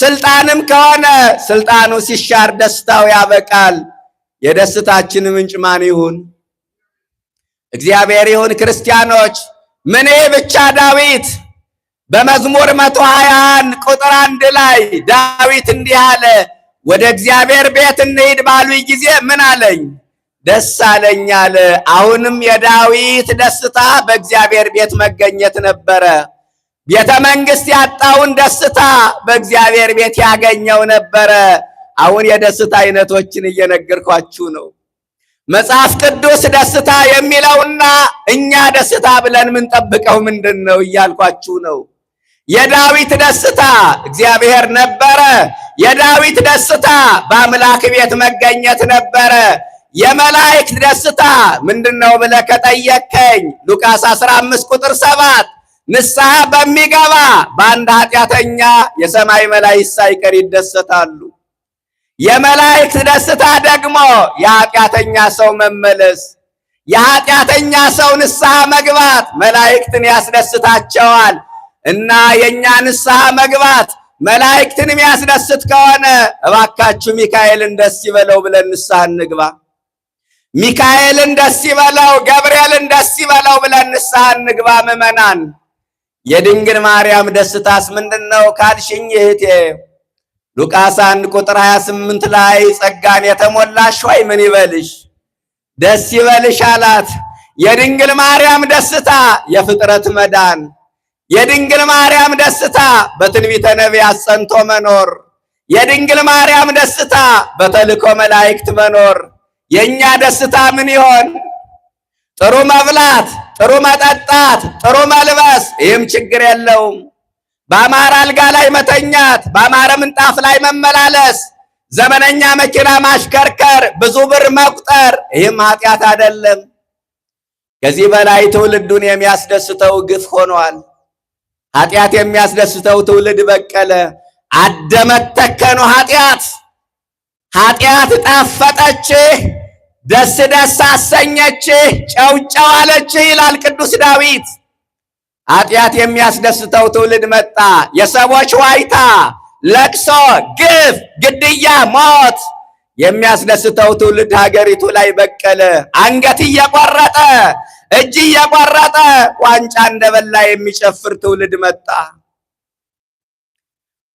ስልጣንም ከሆነ ስልጣኑ ሲሻር ደስታው ያበቃል። የደስታችን ምንጭ ማን ይሁን? እግዚአብሔር ይሁን። ክርስቲያኖች ምን ብቻ ዳዊት በመዝሙር 121 ቁጥር አንድ ላይ ዳዊት እንዲህ አለ፣ ወደ እግዚአብሔር ቤት እንሂድ ባሉኝ ጊዜ ምን አለኝ? ደስ አለኝ አለ። አሁንም የዳዊት ደስታ በእግዚአብሔር ቤት መገኘት ነበረ። ቤተ መንግስት ያጣውን ደስታ በእግዚአብሔር ቤት ያገኘው ነበረ። አሁን የደስታ አይነቶችን እየነገርኳችሁ ነው። መጽሐፍ ቅዱስ ደስታ የሚለውና እኛ ደስታ ብለን የምንጠብቀው ምንድን ነው እያልኳችሁ ነው። የዳዊት ደስታ እግዚአብሔር ነበረ። የዳዊት ደስታ በአምላክ ቤት መገኘት ነበረ። የመላእክት ደስታ ምንድን ነው ብለህ ከጠየቀኝ ሉቃስ 15 ቁጥር 7 ንስሐ በሚገባ በአንድ ኃጢአተኛ የሰማይ መላእክት ሳይቀር ይደሰታሉ። የመላእክት ደስታ ደግሞ የኃጢአተኛ ሰው መመለስ፣ የኃጢአተኛ ሰው ንስሐ መግባት መላእክትን ያስደስታቸዋል እና የእኛ ንስሐ መግባት መላእክትን የሚያስደስት ከሆነ እባካችሁ ሚካኤልን ደስ ይበለው ብለን ንስሐ እንግባ። ሚካኤልን ደስ ይበለው፣ ገብርኤልን ደስ ይበለው ብለን ንስሐ እንግባ ምዕመናን። የድንግል ማርያም ደስታስ ምንድን ነው ካልሽኝ እህቴ ሉቃስ አንድ ቁጥር 28 ላይ ጸጋን የተሞላሽ ሆይ ምን ይበልሽ ደስ ይበልሽ አላት። የድንግል ማርያም ደስታ የፍጥረት መዳን፣ የድንግል ማርያም ደስታ በትንቢተ ነቢያት ጸንቶ መኖር፣ የድንግል ማርያም ደስታ በተልእኮ መላእክት መኖር። የእኛ ደስታ ምን ይሆን? ጥሩ ማብላት፣ ጥሩ መጠጣት ጥሩ መልበስ ይህም ችግር የለውም። በአማረ አልጋ ላይ መተኛት፣ በአማረ ምንጣፍ ላይ መመላለስ፣ ዘመነኛ መኪና ማሽከርከር፣ ብዙ ብር መቁጠር፣ ይህም ኃጢአት አይደለም። ከዚህ በላይ ትውልዱን የሚያስደስተው ግፍ ሆኗል። ኃጢአት የሚያስደስተው ትውልድ በቀለ። አደመተከኑ ኃጢአት ኃጢአት ጣፈጠችህ ደስ ደስ አሰኘችህ፣ ጨው ጨው አለችህ ይላል ቅዱስ ዳዊት። ኃጢአት የሚያስደስተው ትውልድ መጣ። የሰዎች ዋይታ፣ ለቅሶ፣ ግፍ፣ ግድያ፣ ሞት የሚያስደስተው ትውልድ ሀገሪቱ ላይ በቀለ። አንገት እየቆረጠ እጅ እየቆረጠ ዋንጫ እንደበላ የሚጨፍር ትውልድ መጣ።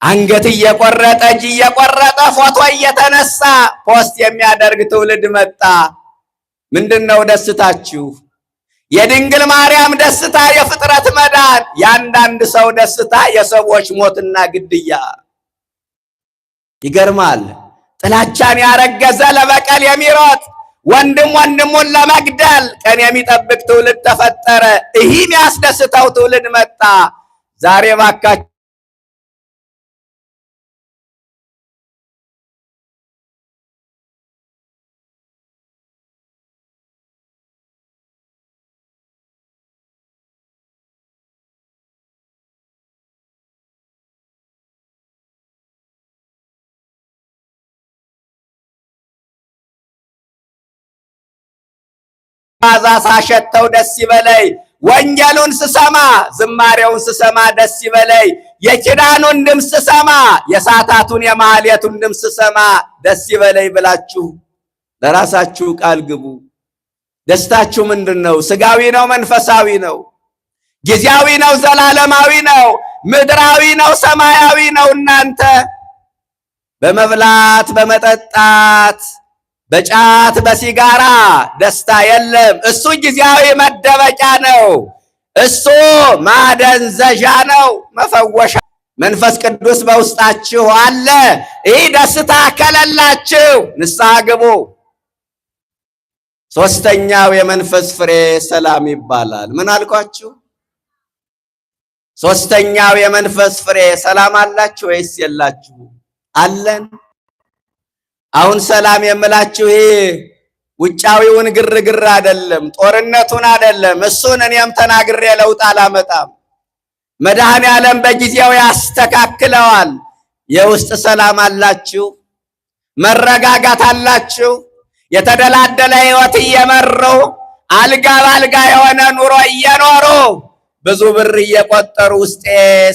አንገት እየቆረጠ እጅ እየቆረጠ ፎቶ እየተነሳ ፖስት የሚያደርግ ትውልድ መጣ። ምንድነው ደስታችሁ? የድንግል ማርያም ደስታ፣ የፍጥረት መዳን፣ የአንዳንድ ሰው ደስታ፣ የሰዎች ሞትና ግድያ። ይገርማል። ጥላቻን ያረገዘ ለበቀል የሚሮጥ ወንድም ወንድሙን ለመግደል ቀን የሚጠብቅ ትውልድ ተፈጠረ። ይህም ያስደስተው ትውልድ መጣ። ዛሬ ባካችሁ ማዛ ሳሸተው ደስ ይበለይ፣ ወንጌሉን ስሰማ ዝማሬውን ስሰማ ደስ ይበለይ፣ የኪዳኑን ድምፅ ስሰማ የሳታቱን የማህሌቱን ድምፅ ስሰማ ደስ ይበለይ ብላችሁ ለራሳችሁ ቃል ግቡ። ደስታችሁ ምንድን ነው? ስጋዊ ነው? መንፈሳዊ ነው? ጊዜያዊ ነው? ዘላለማዊ ነው? ምድራዊ ነው? ሰማያዊ ነው? እናንተ በመብላት በመጠጣት በጫት በሲጋራ ደስታ የለም። እሱ ጊዜያዊ መደበቂያ ነው። እሱ ማደንዘዣ ነው፣ መፈወሻ። መንፈስ ቅዱስ በውስጣችሁ አለ። ይህ ደስታ ከሌላችሁ ንስሐ ግቡ። ሶስተኛው የመንፈስ ፍሬ ሰላም ይባላል። ምን አልኳችሁ? ሶስተኛው የመንፈስ ፍሬ ሰላም አላችሁ ወይስ የላችሁ? አለን አሁን ሰላም የምላችሁ ይሄ ውጫዊውን ግርግር አይደለም፣ ጦርነቱን አይደለም። እሱን እኔም ተናግሬ ለውጥ አላመጣም። መድኃኔ ዓለም በጊዜው ያስተካክለዋል። የውስጥ ሰላም አላችሁ፣ መረጋጋት አላችሁ፣ የተደላደለ ሕይወት እየመሩ አልጋ ባልጋ የሆነ ኑሮ እየኖሩ ብዙ ብር እየቆጠሩ ውስጤ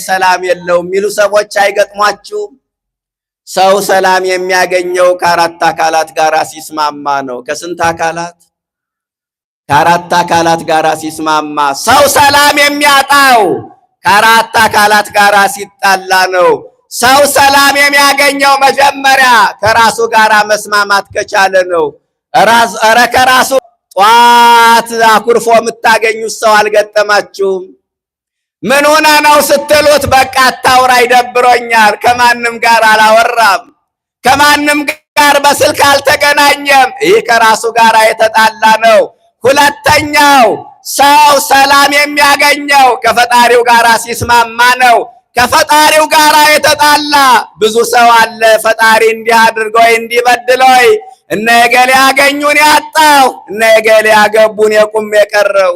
ሰላም የለው የሚሉ ሰዎች አይገጥሟችሁም? ሰው ሰላም የሚያገኘው ከአራት አካላት ጋር ሲስማማ ነው። ከስንት አካላት? ከአራት አካላት ጋር ሲስማማ። ሰው ሰላም የሚያጣው ከአራት አካላት ጋር ሲጣላ ነው። ሰው ሰላም የሚያገኘው መጀመሪያ ከራሱ ጋር መስማማት ከቻለ ነው። ኧረ ከራሱ ጧት አኩርፎ የምታገኙት ሰው አልገጠማችሁም? ምን ሆና ነው ስትሉት፣ በቃ አታውራ ይደብሮኛል። ከማንም ጋር አላወራም። ከማንም ጋር በስልክ አልተገናኘም። ይህ ከራሱ ጋር የተጣላ ነው። ሁለተኛው ሰው ሰላም የሚያገኘው ከፈጣሪው ጋር ሲስማማ ነው። ከፈጣሪው ጋር የተጣላ ብዙ ሰው አለ። ፈጣሪ እንዲህ አድርጎይ እንዲበድሎይ እነ የገሌ ያገኙን ያጣሁ እነ የገሌ ያገቡን የቁም የቀረው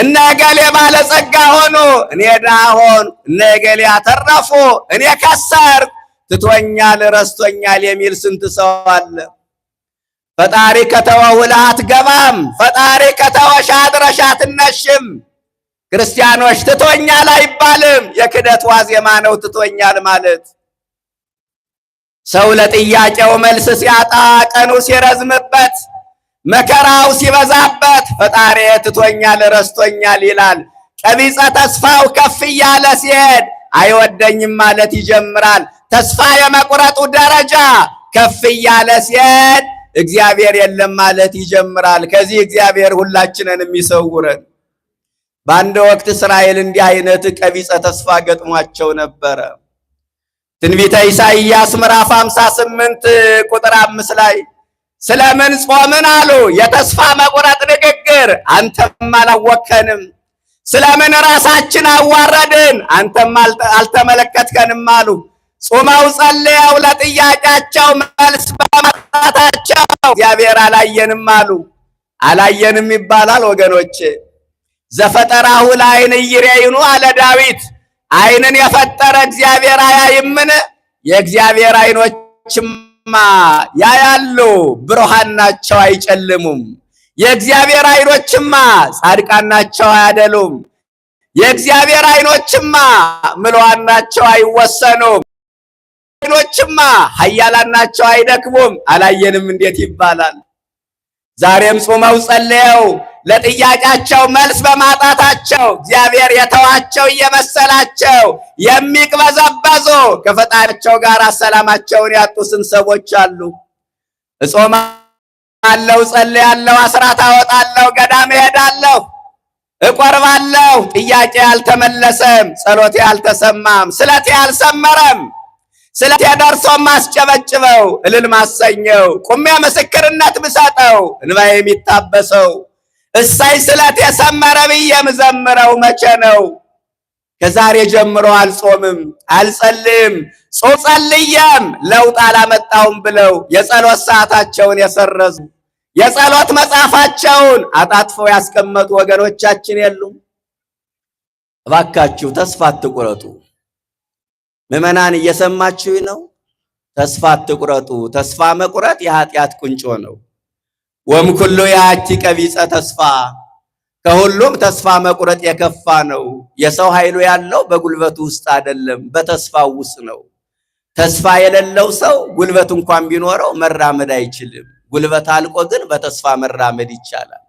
እነ እገሌ ባለጸጋ ሆኑ፣ እኔ ድሃ ሆንኩ። እነ እገሌ አተረፉ፣ እኔ ከሰር ትቶኛል፣ ረስቶኛል የሚል ስንት ሰው አለ። ፈጣሪ ከተወ ውለህ አትገባም። ፈጣሪ ከተወ ሻጥረሽ አትነሽም። ክርስቲያኖች ትቶኛል አይባልም። የክደት ዋዜማ ነው ትቶኛል ማለት። ሰው ለጥያቄው መልስ ሲያጣ ቀኑ ሲረዝምበት መከራው ሲበዛበት ፈጣሪ ትቶኛል ረስቶኛል ይላል። ቀቢጸ ተስፋው ከፍ እያለ ሲሄድ አይወደኝም ማለት ይጀምራል። ተስፋ የመቁረጡ ደረጃ ከፍ እያለ ሲሄድ እግዚአብሔር የለም ማለት ይጀምራል። ከዚህ እግዚአብሔር ሁላችንን የሚሰውረን። በአንድ ወቅት እስራኤል እንዲህ አይነት ቀቢጸ ተስፋ ገጥሟቸው ነበረ። ትንቢተ ኢሳይያስ ምዕራፍ 58 ቁጥር 5 ላይ ስለምን ጾምን አሉ። የተስፋ መቁረጥ ንግግር፣ አንተም አላወከንም። ስለምን ራሳችን አዋረድን፣ አንተም አልተመለከትከንም አሉ። ጾመው ጸልየው ለጥያቄያቸው መልስ በማጣታቸው እግዚአብሔር አላየንም አሉ። አላየንም ይባላል ወገኖች። ዘፈጠራሁ ለዐይን እይሬይኑ አለ ዳዊት። ዓይንን የፈጠረ እግዚአብሔር አያይምን? የእግዚአብሔር ዓይኖችም ማ ያያሉ፣ ብሩሃን ናቸው አይጨልሙም። የእግዚአብሔር አይኖችማ ጻድቃን ናቸው አያደሉም። የእግዚአብሔር አይኖችማ ምልዋን ናቸው አይወሰኑም። አይኖችማ ኃያላን ናቸው አይደክሙም። አላየንም እንዴት ይባላል? ዛሬም ጾመው ጸልየው ለጥያቄያቸው መልስ በማጣታቸው እግዚአብሔር የተዋቸው እየመሰላቸው የሚቅበዘ አስተዋጽኦ ከፈጣሪያቸው ጋር ሰላማቸውን ያጡ ስንት ሰዎች አሉ። እጾማለሁ፣ ጸልያለሁ፣ አስራት አወጣለሁ፣ ገዳም እሄዳለሁ፣ እቆርባለሁ፣ ጥያቄ ያልተመለሰም፣ ጸሎቴ ያልተሰማም፣ ስለቴ ያልሰመረም፣ ስለቴ ደርሶ ማስጨበጭበው፣ እልል ማሰኘው፣ ቁሜ ምስክርነት ምሰጠው እንባ የሚታበሰው እሳይ ስለቴ ሰመረ ብዬ ምዘምረው መቼ ነው? ከዛሬ ጀምሮ አልጾምም፣ አልጸልም፣ ጾም ጸልያም ለውጥ አላመጣውም ብለው የጸሎት ሰዓታቸውን የሰረዙ የጸሎት መጽሐፋቸውን አጣጥፈው ያስቀመጡ ወገኖቻችን የሉም? እባካችሁ ተስፋ አትቁረጡ። ምዕመናን እየሰማችሁ ነው? ተስፋ አትቁረጡ። ተስፋ መቁረጥ የኃጢአት ቁንጮ ነው። ወምኩሎ ያቺ ቀቢጸ ተስፋ ከሁሉም ተስፋ መቁረጥ የከፋ ነው። የሰው ኃይሉ ያለው በጉልበቱ ውስጥ አይደለም፣ በተስፋው ውስጥ ነው። ተስፋ የሌለው ሰው ጉልበት እንኳን ቢኖረው መራመድ አይችልም። ጉልበት አልቆ ግን በተስፋ መራመድ ይቻላል።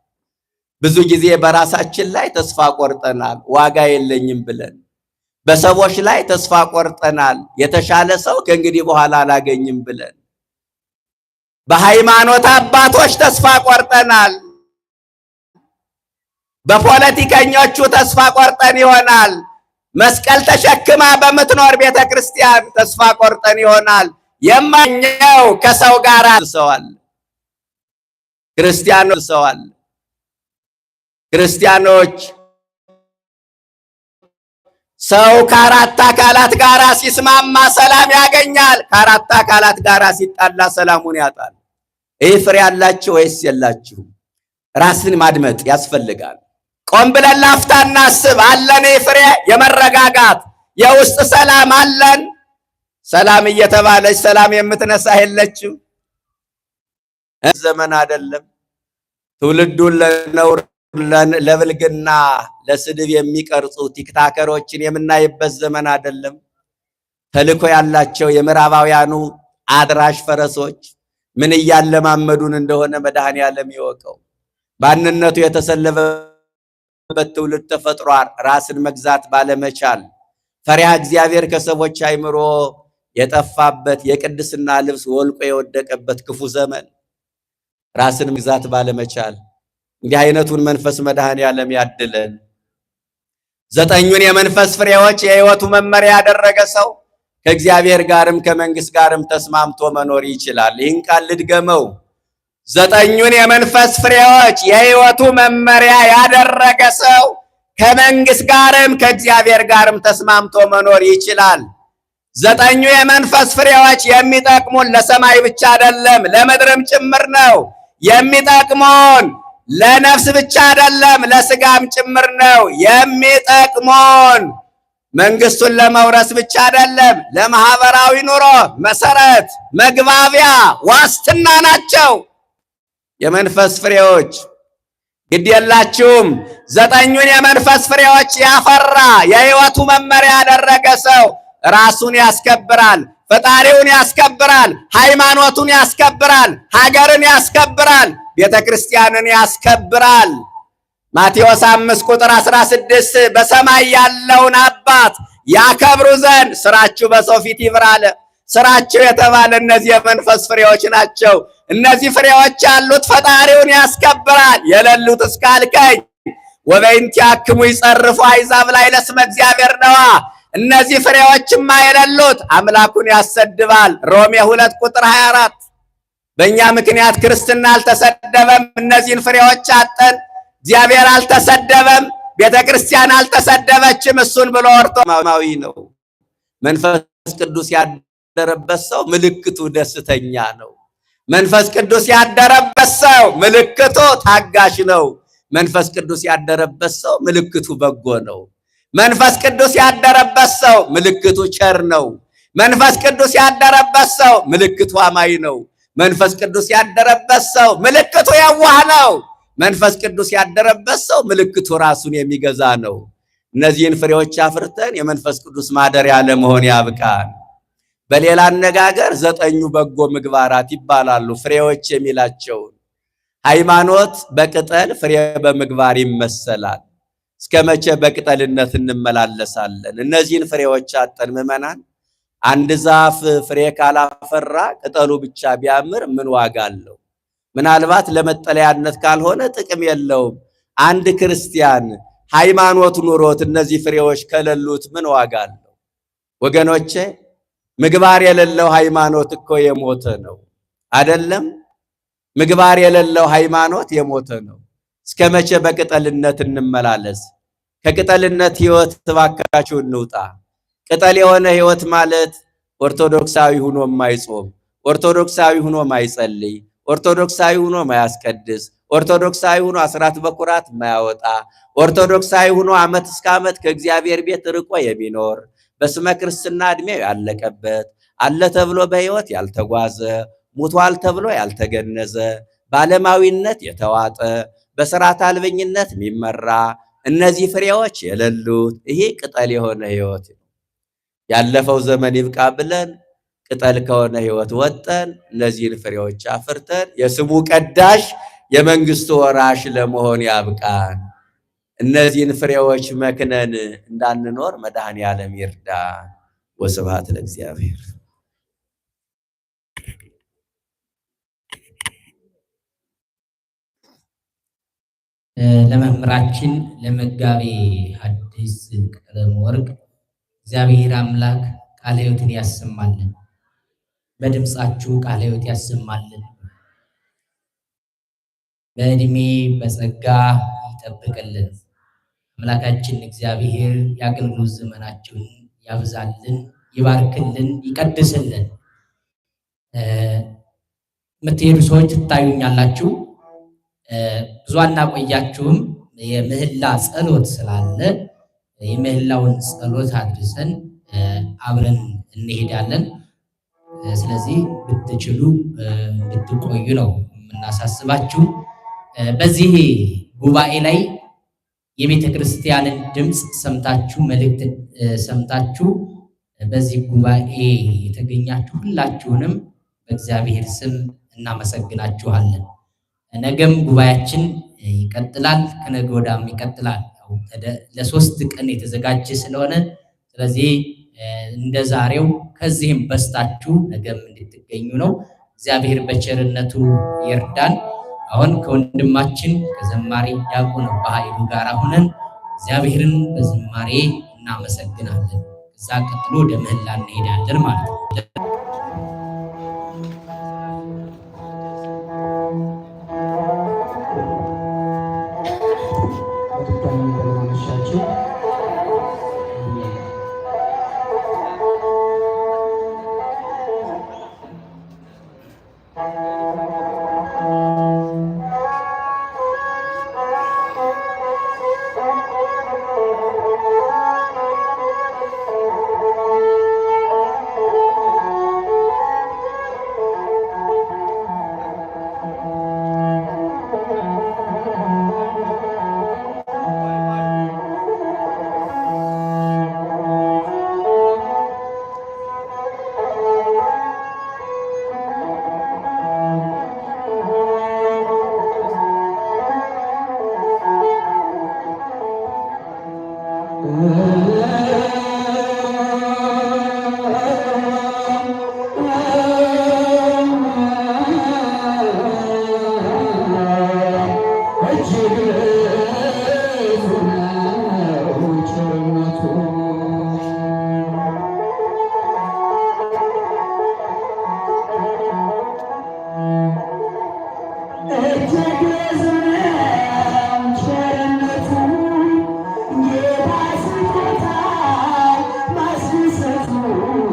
ብዙ ጊዜ በራሳችን ላይ ተስፋ ቆርጠናል፣ ዋጋ የለኝም ብለን በሰዎች ላይ ተስፋ ቆርጠናል፣ የተሻለ ሰው ከእንግዲህ በኋላ አላገኝም ብለን በሃይማኖት አባቶች ተስፋ ቆርጠናል በፖለቲከኞቹ ተስፋ ቆርጠን ይሆናል። መስቀል ተሸክማ በምትኖር ቤተ ክርስቲያን ተስፋ ቆርጠን ይሆናል። የማኛው ከሰው ጋር ሰዋል ክርስቲያኖ ሰዋል ክርስቲያኖች ሰው ከአራት አካላት ጋር ሲስማማ ሰላም ያገኛል። ከአራት አካላት ጋር ሲጣላ ሰላሙን ያጣል። ይህ ፍሬ ያላችሁ ወይስ የላችሁም? ራስን ማድመጥ ያስፈልጋል። ቆም ብለን ላፍታ እናስብ። አለን ፍሬ የመረጋጋት የውስጥ ሰላም አለን? ሰላም እየተባለች ሰላም የምትነሳ የለችው። ዘመን አይደለም። ትውልዱን ለነውር፣ ለብልግና፣ ለስድብ የሚቀርጹ ቲክታከሮችን የምናይበት ዘመን አይደለም። ተልኮ ያላቸው የምዕራባውያኑ አድራሽ ፈረሶች ምን እያለማመዱን እንደሆነ መድሃን ዓለም ይወቀው። ባንነቱ የተሰለፈ በትውልድ ትውልድ ተፈጥሯል። ራስን መግዛት ባለመቻል ፈሪሃ እግዚአብሔር ከሰዎች አይምሮ የጠፋበት የቅድስና ልብስ ወልቆ የወደቀበት ክፉ ዘመን ራስን መግዛት ባለመቻል እንዲህ አይነቱን መንፈስ መድኃኔ ዓለም ያድለን። ዘጠኙን የመንፈስ ፍሬዎች የሕይወቱ መመሪያ ያደረገ ሰው ከእግዚአብሔር ጋርም ከመንግስት ጋርም ተስማምቶ መኖር ይችላል። ይህን ቃል ልድገመው። ዘጠኙን የመንፈስ ፍሬዎች የሕይወቱ መመሪያ ያደረገ ሰው ከመንግስት ጋርም ከእግዚአብሔር ጋርም ተስማምቶ መኖር ይችላል። ዘጠኙ የመንፈስ ፍሬዎች የሚጠቅሙን ለሰማይ ብቻ አይደለም፣ ለምድርም ጭምር ነው። የሚጠቅሙን ለነፍስ ብቻ አይደለም፣ ለስጋም ጭምር ነው። የሚጠቅሙን መንግስቱን ለመውረስ ብቻ አይደለም፣ ለማህበራዊ ኑሮ መሰረት፣ መግባቢያ፣ ዋስትና ናቸው። የመንፈስ ፍሬዎች ግድ የላችሁም። ዘጠኙን የመንፈስ ፍሬዎች ያፈራ የሕይወቱ መመሪያ ያደረገ ሰው ራሱን ያስከብራል፣ ፈጣሪውን ያስከብራል፣ ሃይማኖቱን ያስከብራል፣ ሀገርን ያስከብራል፣ ቤተ ክርስቲያንን ያስከብራል። ማቴዎስ 5 ቁጥር 16 በሰማይ ያለውን አባት ያከብሩ ዘንድ ስራችሁ በሰው ፊት ይብራል። ስራቸው የተባለ እነዚህ የመንፈስ ፍሬዎች ናቸው። እነዚህ ፍሬዎች ያሉት ፈጣሪውን ያስከብራል። የሌሉት እስካልከኝ ወበይንቲ አክሙ ይጸርፉ አይዛብ ላይ ለስመ እግዚአብሔር ነዋ። እነዚህ ፍሬዎችማ የሌሉት አምላኩን ያሰድባል። ሮሜ ሁለት ቁጥር 24 በእኛ ምክንያት ክርስትና አልተሰደበም። እነዚህን ፍሬዎች አጠን። እግዚአብሔር አልተሰደበም። ቤተ ክርስቲያን አልተሰደበችም። እሱን ብሎ ወርቶ ማዊ ነው መንፈስ ቅዱስ ያደረበት ሰው ምልክቱ ደስተኛ ነው። መንፈስ ቅዱስ ያደረበት ሰው ምልክቱ ታጋሽ ነው። መንፈስ ቅዱስ ያደረበት ሰው ምልክቱ በጎ ነው። መንፈስ ቅዱስ ያደረበት ሰው ምልክቱ ቸር ነው። መንፈስ ቅዱስ ያደረበት ሰው ምልክቱ አማኝ ነው። መንፈስ ቅዱስ ያደረበት ሰው ምልክቱ የዋህ ነው። መንፈስ ቅዱስ ያደረበት ሰው ምልክቱ ራሱን የሚገዛ ነው። እነዚህን ፍሬዎች አፍርተን የመንፈስ ቅዱስ ማደሪያ ለመሆን ያብቃን። በሌላ አነጋገር ዘጠኙ በጎ ምግባራት ይባላሉ ፍሬዎች የሚላቸውን። ሃይማኖት በቅጠል ፍሬ በምግባር ይመሰላል። እስከ መቼ በቅጠልነት እንመላለሳለን? እነዚህን ፍሬዎች አጠን ምዕመናን፣ አንድ ዛፍ ፍሬ ካላፈራ ቅጠሉ ብቻ ቢያምር ምን ዋጋ አለው? ምናልባት ለመጠለያነት ካልሆነ ጥቅም የለውም። አንድ ክርስቲያን ሃይማኖት ኑሮት እነዚህ ፍሬዎች ከሌሉት ምን ዋጋ አለው? ወገኖቼ ምግባር የሌለው ሃይማኖት እኮ የሞተ ነው አደለም? ምግባር የሌለው ሃይማኖት የሞተ ነው። እስከ መቼ በቅጠልነት እንመላለስ? ከቅጠልነት ህይወት እባካችሁ እንውጣ። ቅጠል የሆነ ህይወት ማለት ኦርቶዶክሳዊ ሁኖ ማይጾም፣ ኦርቶዶክሳዊ ሁኖ ማይጸልይ፣ ኦርቶዶክሳዊ ሁኖ ማያስቀድስ፣ ኦርቶዶክሳዊ ሁኖ አስራት በኩራት ማያወጣ፣ ኦርቶዶክሳዊ ሁኖ ዓመት እስከ ዓመት ከእግዚአብሔር ቤት ርቆ የሚኖር በስመ ክርስትና ዕድሜው ያለቀበት አለ ተብሎ በሕይወት ያልተጓዘ ሙቷል ተብሎ ያልተገነዘ በዓለማዊነት የተዋጠ በሥርዓተ አልበኝነት የሚመራ እነዚህ ፍሬዎች የሌሉት ይሄ ቅጠል የሆነ ሕይወት ነው። ያለፈው ዘመን ይብቃ ብለን ቅጠል ከሆነ ሕይወት ወጠን እነዚህን ፍሬዎች አፍርተን የስሙ ቀዳሽ የመንግስቱ ወራሽ ለመሆን ያብቃን። እነዚህን ፍሬዎች መክነን እንዳንኖር መድኃኔ ዓለም ይርዳ። ወስብሐት ለእግዚአብሔር። ለመምህራችን ለመጋቤ ሐዲስ ቀለም ወርቅ እግዚአብሔር አምላክ ቃለ ሕይወትን ያሰማልን። በድምፃችሁ ቃለ ሕይወት ያሰማልን። በእድሜ በጸጋ ይጠብቅልን። አምላካችን እግዚአብሔር የአገልግሎት ዘመናችሁን ያብዛልን፣ ይባርክልን፣ ይቀድስልን። የምትሄዱ ሰዎች ትታዩኛላችሁ። ብዙ አናቆያችሁም። የምህላ ጸሎት ስላለ የምህላውን ጸሎት አድርሰን አብረን እንሄዳለን። ስለዚህ ብትችሉ እንድትቆዩ ነው የምናሳስባችሁ በዚህ ጉባኤ ላይ የቤተ ክርስቲያንን ድምፅ ሰምታችሁ መልእክት ሰምታችሁ በዚህ ጉባኤ የተገኛችሁ ሁላችሁንም በእግዚአብሔር ስም እናመሰግናችኋለን። ነገም ጉባኤያችን ይቀጥላል፣ ከነገ ወዳም ይቀጥላል። ለሶስት ቀን የተዘጋጀ ስለሆነ ስለዚህ እንደ ዛሬው ከዚህም በስታችሁ ነገም እንድትገኙ ነው። እግዚአብሔር በቸርነቱ ይርዳን። አሁን ከወንድማችን ከዘማሪ ዲያቆን በኃይሉ ጋር ሆነን እግዚአብሔርን በዝማሬ እናመሰግናለን። እዛ ቀጥሎ ወደ ምህላ እንሄዳለን ማለት ነው። Ooh.